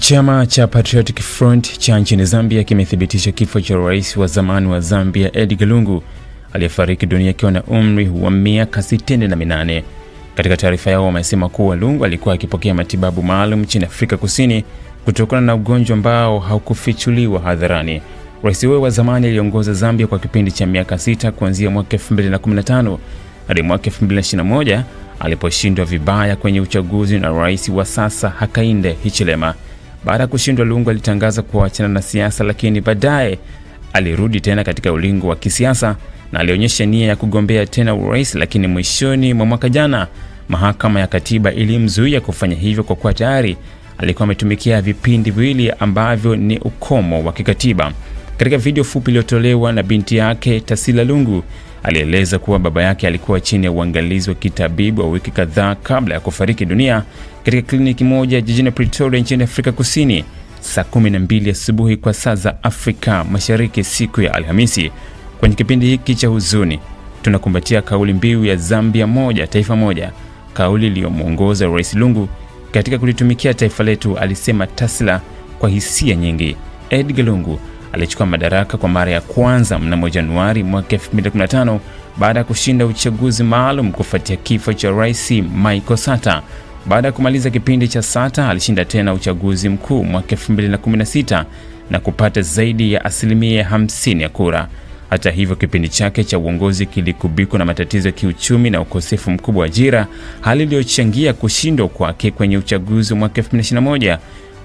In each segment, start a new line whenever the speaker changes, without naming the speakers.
Chama cha Patriotic Front cha nchini Zambia kimethibitisha kifo cha rais wa zamani wa Zambia Edgar Lungu aliyefariki dunia akiwa na umri wa miaka 68. Katika taarifa yao wamesema kuwa Lungu alikuwa akipokea matibabu maalum nchini Afrika Kusini kutokana na ugonjwa ambao haukufichuliwa hadharani. Rais huyo wa zamani aliongoza Zambia kwa kipindi cha miaka sita kuanzia mwaka 2015 hadi mwaka 2021 aliposhindwa vibaya kwenye uchaguzi na rais wa sasa Hakainde Hichilema. Baada ya kushindwa, Lungu alitangaza kuachana na siasa, lakini baadaye alirudi tena katika ulingo wa kisiasa na alionyesha nia ya kugombea tena urais, lakini mwishoni mwa mwaka jana mahakama ya katiba ilimzuia kufanya hivyo kwa kuwa tayari alikuwa ametumikia vipindi viwili ambavyo ni ukomo wa kikatiba. Katika video fupi iliyotolewa na binti yake Tasila Lungu, alieleza kuwa baba yake alikuwa chini ya uangalizi wa kitabibu wa wiki kadhaa kabla ya kufariki dunia katika kliniki moja jijini Pretoria nchini Afrika Kusini saa 12 asubuhi kwa saa za Afrika Mashariki siku ya Alhamisi. Kwenye kipindi hiki cha huzuni, tunakumbatia kauli mbiu ya Zambia moja taifa moja, kauli iliyomwongoza Rais Lungu katika kulitumikia taifa letu, alisema Tasla kwa hisia nyingi. Edgar Lungu alichukua madaraka kwa mara ya kwanza mnamo Januari mwaka 2015 baada ya kushinda uchaguzi maalum kufuatia kifo cha Rais Michael Sata. Baada ya kumaliza kipindi cha Sata, alishinda tena uchaguzi mkuu mwaka 2016 na kupata zaidi ya asilimia 50 ya kura. Hata hivyo, kipindi chake cha uongozi kilikubikwa na matatizo ya kiuchumi na ukosefu mkubwa wa ajira, hali iliyochangia kushindwa kwake kwenye uchaguzi wa mwaka 2021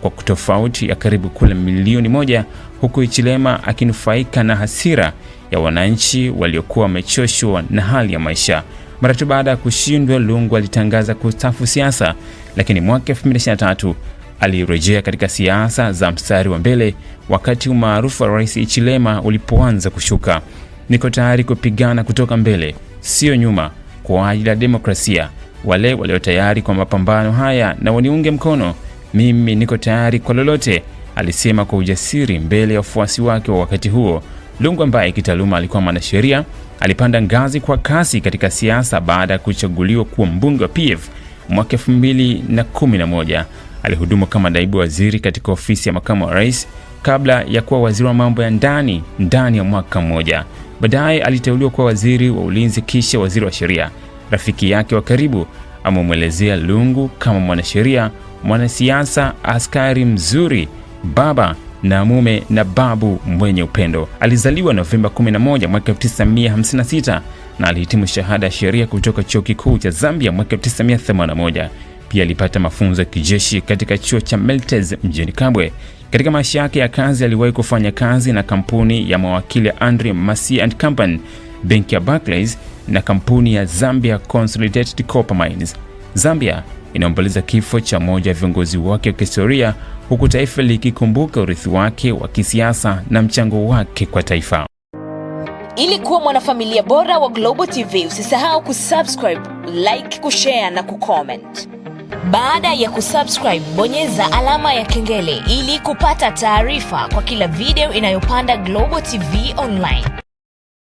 kwa tofauti ya karibu kula milioni moja huku ichilema akinufaika na hasira ya wananchi waliokuwa wamechoshwa na hali ya maisha. Mara tu baada ya kushindwa, Lungu alitangaza kustafu siasa, lakini mwaka 2023 alirejea katika siasa za mstari wa mbele wakati umaarufu wa Rais ichilema ulipoanza kushuka. Niko tayari kupigana kutoka mbele, sio nyuma, kwa ajili ya demokrasia. Wale walio tayari kwa mapambano haya na waniunge mkono mimi niko tayari kwa lolote, alisema kwa ujasiri mbele ya wafuasi wake wa wakati huo. Lungu ambaye kitaaluma alikuwa mwanasheria alipanda ngazi kwa kasi katika siasa baada ya kuchaguliwa kuwa mbunge wa PF mwaka 2011. Alihudumu kama naibu waziri katika ofisi ya makamu wa rais kabla ya kuwa waziri wa mambo ya ndani ndani ya mwaka mmoja. Baadaye aliteuliwa kuwa waziri wa ulinzi, kisha waziri wa sheria. Rafiki yake wa karibu amemwelezea Lungu kama mwanasheria mwanasiasa, askari mzuri, baba na mume na babu mwenye upendo. Alizaliwa Novemba 11 mwaka 1956 na alihitimu shahada ya sheria kutoka chuo kikuu cha Zambia mwaka 1981. Pia alipata mafunzo ya kijeshi katika chuo cha Meltes mjini Kabwe. Katika maisha yake ya kazi, aliwahi kufanya kazi na kampuni ya mawakili ya Andre Massey and Company, benki ya Barclays na kampuni ya Zambia Consolidated Copper Mines. Zambia inaomboleza kifo cha mmoja ya viongozi wake wa kihistoria huku taifa likikumbuka urithi wake wa kisiasa na mchango wake kwa taifa.
Ili kuwa mwanafamilia bora wa Global TV, usisahau kusubscribe, like, kushare na kucomment. Baada ya kusubscribe, bonyeza alama ya kengele ili kupata taarifa kwa kila video inayopanda Global TV Online.